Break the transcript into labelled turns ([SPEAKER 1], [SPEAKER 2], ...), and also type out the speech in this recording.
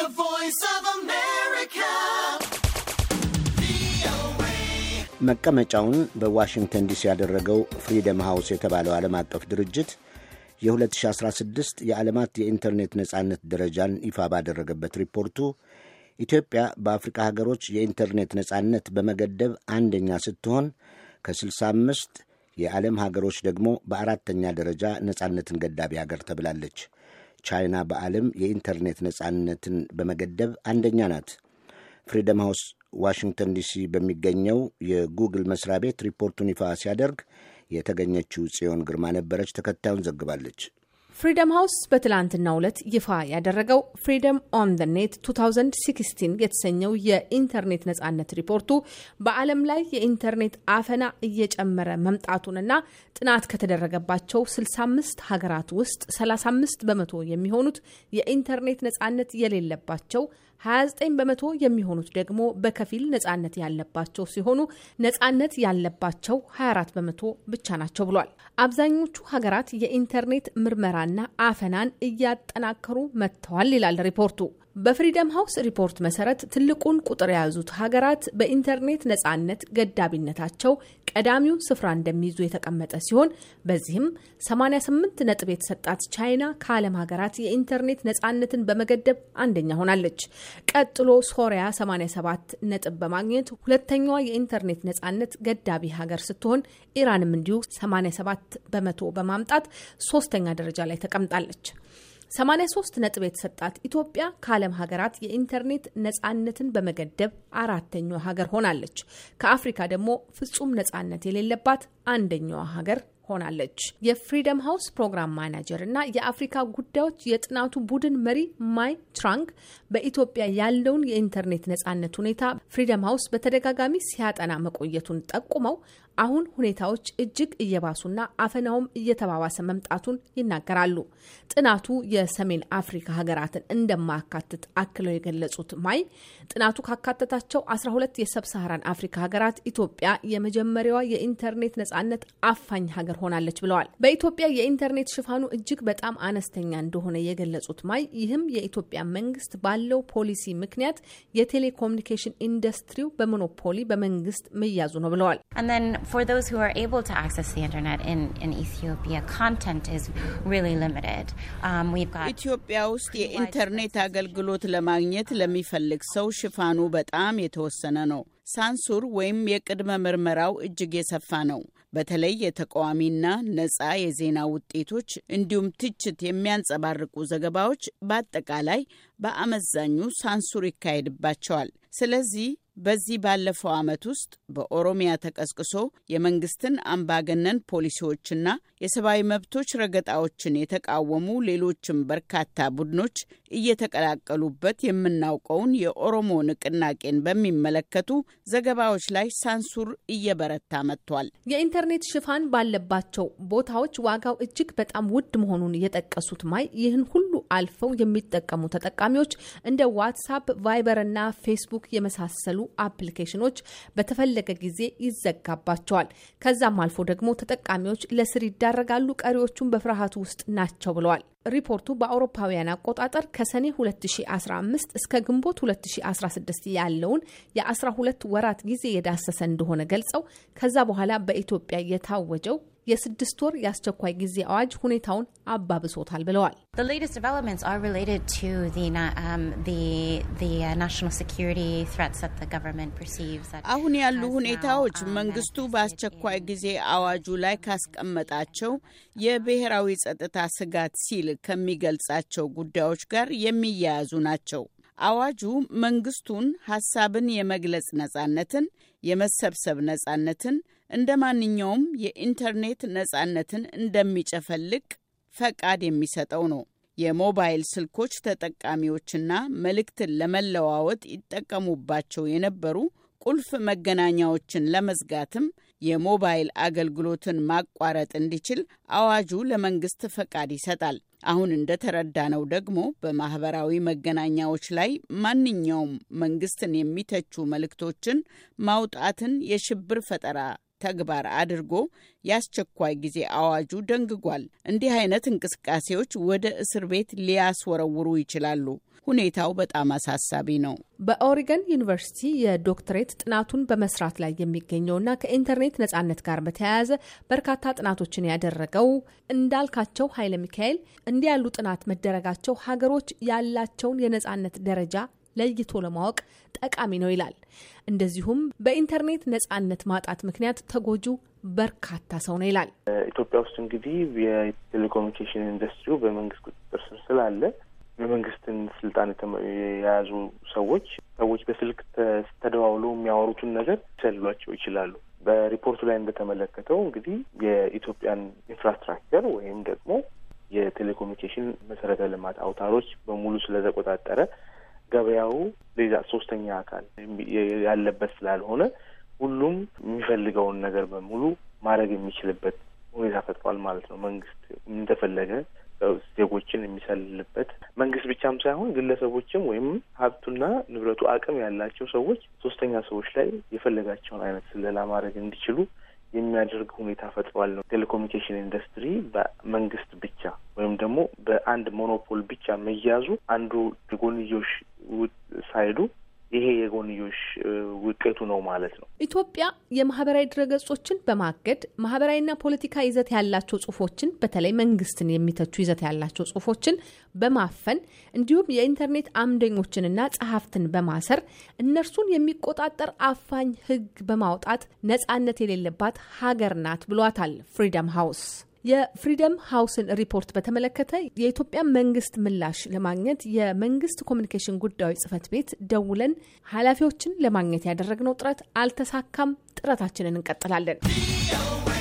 [SPEAKER 1] The Voice of America.
[SPEAKER 2] መቀመጫውን በዋሽንግተን ዲሲ ያደረገው ፍሪደም ሃውስ የተባለው ዓለም አቀፍ ድርጅት የ2016 የዓለማት የኢንተርኔት ነጻነት ደረጃን ይፋ ባደረገበት ሪፖርቱ ኢትዮጵያ በአፍሪካ ሀገሮች የኢንተርኔት ነጻነት በመገደብ አንደኛ ስትሆን ከ65 የዓለም ሀገሮች ደግሞ በአራተኛ ደረጃ ነጻነትን ገዳቢ ሀገር ተብላለች። ቻይና በዓለም የኢንተርኔት ነጻነትን በመገደብ አንደኛ ናት። ፍሪደም ሃውስ ዋሽንግተን ዲሲ በሚገኘው የጉግል መስሪያ ቤት ሪፖርቱን ይፋ ሲያደርግ የተገኘችው ጽዮን ግርማ ነበረች። ተከታዩን ዘግባለች።
[SPEAKER 1] ፍሪደም ሃውስ በትላንትናው ዕለት ይፋ ያደረገው ፍሪደም ኦን ደ ኔት 2016 የተሰኘው የኢንተርኔት ነጻነት ሪፖርቱ በዓለም ላይ የኢንተርኔት አፈና እየጨመረ መምጣቱንና ጥናት ከተደረገባቸው 65 ሀገራት ውስጥ 35 በመቶ የሚሆኑት የኢንተርኔት ነጻነት የሌለባቸው 29 በመቶ የሚሆኑት ደግሞ በከፊል ነጻነት ያለባቸው ሲሆኑ ነጻነት ያለባቸው 24 በመቶ ብቻ ናቸው ብሏል። አብዛኞቹ ሀገራት የኢንተርኔት ምርመራና አፈናን እያጠናከሩ መጥተዋል ይላል ሪፖርቱ። በፍሪደም ሀውስ ሪፖርት መሰረት ትልቁን ቁጥር የያዙት ሀገራት በኢንተርኔት ነጻነት ገዳቢነታቸው ቀዳሚውን ስፍራ እንደሚይዙ የተቀመጠ ሲሆን በዚህም 88 ነጥብ የተሰጣት ቻይና ከዓለም ሀገራት የኢንተርኔት ነጻነትን በመገደብ አንደኛ ሆናለች። ቀጥሎ ሶሪያ 87 ነጥብ በማግኘት ሁለተኛዋ የኢንተርኔት ነጻነት ገዳቢ ሀገር ስትሆን ኢራንም እንዲሁ 87 በመቶ በማምጣት ሶስተኛ ደረጃ ላይ ተቀምጣለች። 83 ነጥብ የተሰጣት ኢትዮጵያ ከዓለም ሀገራት የኢንተርኔት ነፃነትን በመገደብ አራተኛዋ ሀገር ሆናለች። ከአፍሪካ ደግሞ ፍጹም ነፃነት የሌለባት አንደኛዋ ሀገር ሆናለች። የፍሪደም ሀውስ ፕሮግራም ማናጀር እና የአፍሪካ ጉዳዮች የጥናቱ ቡድን መሪ ማይ ትራንግ በኢትዮጵያ ያለውን የኢንተርኔት ነጻነት ሁኔታ ፍሪደም ሀውስ በተደጋጋሚ ሲያጠና መቆየቱን ጠቁመው አሁን ሁኔታዎች እጅግ እየባሱና አፈናውም እየተባባሰ መምጣቱን ይናገራሉ። ጥናቱ የሰሜን አፍሪካ ሀገራትን እንደማያካትት አክለው የገለጹት ማይ ጥናቱ ካካተታቸው 12 የሰብሳሃራን አፍሪካ ሀገራት ኢትዮጵያ የመጀመሪያዋ የኢንተርኔት ነጻነት አፋኝ ሀገር ሆናለች ብለዋል። በኢትዮጵያ የኢንተርኔት ሽፋኑ እጅግ በጣም አነስተኛ እንደሆነ የገለጹት ማይ ይህም የኢትዮጵያ መንግስት ባለው ፖሊሲ ምክንያት የቴሌኮሙኒኬሽን ኢንዱስትሪው በሞኖፖሊ በመንግስት መያዙ
[SPEAKER 2] ነው ብለዋል። um, ኢትዮጵያ ውስጥ የኢንተርኔት አገልግሎት ለማግኘት ለሚፈልግ ሰው ሽፋኑ በጣም የተወሰነ ነው። ሳንሱር ወይም የቅድመ ምርመራው እጅግ የሰፋ ነው። በተለይ የተቃዋሚና ነጻ የዜና ውጤቶች እንዲሁም ትችት የሚያንጸባርቁ ዘገባዎች በአጠቃላይ በአመዛኙ ሳንሱር ይካሄድባቸዋል። ስለዚህ በዚህ ባለፈው ዓመት ውስጥ በኦሮሚያ ተቀስቅሶ የመንግስትን አምባገነን ፖሊሲዎችና የሰብአዊ መብቶች ረገጣዎችን የተቃወሙ ሌሎችም በርካታ ቡድኖች እየተቀላቀሉበት የምናውቀውን የኦሮሞ ንቅናቄን በሚመለከቱ ዘገባዎች ላይ ሳንሱር እየበረታ መጥቷል። የኢንተርኔት ሽፋን ባለባቸው ቦታዎች ዋጋው እጅግ
[SPEAKER 1] በጣም ውድ መሆኑን የጠቀሱት ማይ ይህን ሁሉ አልፈው የሚጠቀሙ ተጠቃሚዎች እንደ ዋትሳፕ፣ ቫይበር እና ፌስቡክ የመሳሰሉ አፕሊኬሽኖች በተፈለገ ጊዜ ይዘጋባቸዋል። ከዛም አልፎ ደግሞ ተጠቃሚዎች ለስር ይዳረጋሉ፣ ቀሪዎቹን በፍርሃቱ ውስጥ ናቸው ብለዋል። ሪፖርቱ በአውሮፓውያን አቆጣጠር ከሰኔ 2015 እስከ ግንቦት 2016 ያለውን የ12 ወራት ጊዜ የዳሰሰ እንደሆነ ገልጸው ከዛ በኋላ በኢትዮጵያ የታወጀው የስድስት ወር የአስቸኳይ ጊዜ አዋጅ ሁኔታውን አባብሶታል ብለዋል።
[SPEAKER 2] um, uh, አሁን ያሉ ሁኔታዎች um, መንግስቱ በአስቸኳይ ጊዜ አዋጁ ላይ ካስቀመጣቸው የብሔራዊ ጸጥታ ስጋት ሲል ከሚገልጻቸው ጉዳዮች ጋር የሚያያዙ ናቸው። አዋጁ መንግስቱን ሐሳብን የመግለጽ ነጻነትን፣ የመሰብሰብ ነጻነትን እንደ ማንኛውም የኢንተርኔት ነጻነትን እንደሚጨፈልቅ ፈቃድ የሚሰጠው ነው። የሞባይል ስልኮች ተጠቃሚዎችና መልእክትን ለመለዋወጥ ይጠቀሙባቸው የነበሩ ቁልፍ መገናኛዎችን ለመዝጋትም የሞባይል አገልግሎትን ማቋረጥ እንዲችል አዋጁ ለመንግስት ፈቃድ ይሰጣል። አሁን እንደተረዳነው ደግሞ በማህበራዊ መገናኛዎች ላይ ማንኛውም መንግስትን የሚተቹ መልእክቶችን ማውጣትን የሽብር ፈጠራ ተግባር አድርጎ የአስቸኳይ ጊዜ አዋጁ ደንግጓል። እንዲህ አይነት እንቅስቃሴዎች ወደ እስር ቤት ሊያስወረውሩ ይችላሉ። ሁኔታው በጣም አሳሳቢ ነው። በኦሪገን
[SPEAKER 1] ዩኒቨርሲቲ የዶክትሬት ጥናቱን በመስራት ላይ የሚገኘውና ከኢንተርኔት ነጻነት ጋር በተያያዘ በርካታ ጥናቶችን ያደረገው እንዳልካቸው ኃይለ ሚካኤል እንዲህ ያሉ ጥናት መደረጋቸው ሀገሮች ያላቸውን የነጻነት ደረጃ ለይቶ ለማወቅ ጠቃሚ ነው ይላል። እንደዚሁም በኢንተርኔት ነጻነት ማጣት ምክንያት ተጎጁ በርካታ ሰው ነው ይላል።
[SPEAKER 3] ኢትዮጵያ ውስጥ እንግዲህ የቴሌኮሙኒኬሽን ኢንዱስትሪው በመንግስት ቁጥጥር ስር ስላለ የመንግስትን ስልጣን የያዙ ሰዎች ሰዎች በስልክ ተደዋውለው የሚያወሩትን ነገር ሊሰልሏቸው ይችላሉ። በሪፖርቱ ላይ እንደተመለከተው እንግዲህ የኢትዮጵያን ኢንፍራስትራክቸር ወይም ደግሞ የቴሌኮሙኒኬሽን መሰረተ ልማት አውታሮች በሙሉ ስለተቆጣጠረ ገበያው ሌላ ሶስተኛ አካል ያለበት ስላልሆነ ሁሉም የሚፈልገውን ነገር በሙሉ ማድረግ የሚችልበት ሁኔታ ፈጥሯል ማለት ነው። መንግስት እንደፈለገ ዜጎችን የሚሰልልበት መንግስት ብቻም ሳይሆን ግለሰቦችም ወይም ሀብቱና ንብረቱ አቅም ያላቸው ሰዎች ሶስተኛ ሰዎች ላይ የፈለጋቸውን አይነት ስለላ ማድረግ እንዲችሉ የሚያደርግ ሁኔታ ፈጥሯል ነው። ቴሌኮሙኒኬሽን ኢንዱስትሪ በመንግስት ብቻ ወይም ደግሞ በአንድ ሞኖፖል ብቻ መያዙ አንዱ የጎንዮሽ ሳይዱ ይሄ የጎንዮሽ ውጤቱ ነው ማለት ነው።
[SPEAKER 1] ኢትዮጵያ የማህበራዊ ድረገጾችን በማገድ ማህበራዊና ፖለቲካ ይዘት ያላቸው ጽሁፎችን በተለይ መንግስትን የሚተቹ ይዘት ያላቸው ጽሁፎችን በማፈን እንዲሁም የኢንተርኔት አምደኞችንና ጸሐፍትን በማሰር እነርሱን የሚቆጣጠር አፋኝ ህግ በማውጣት ነጻነት የሌለባት ሀገር ናት ብሏታል ፍሪደም ሃውስ። የፍሪደም ሀውስን ሪፖርት በተመለከተ የኢትዮጵያ መንግስት ምላሽ ለማግኘት የመንግስት ኮሚኒኬሽን ጉዳዮች ጽህፈት ቤት ደውለን ኃላፊዎችን ለማግኘት ያደረግነው ጥረት አልተሳካም። ጥረታችንን እንቀጥላለን።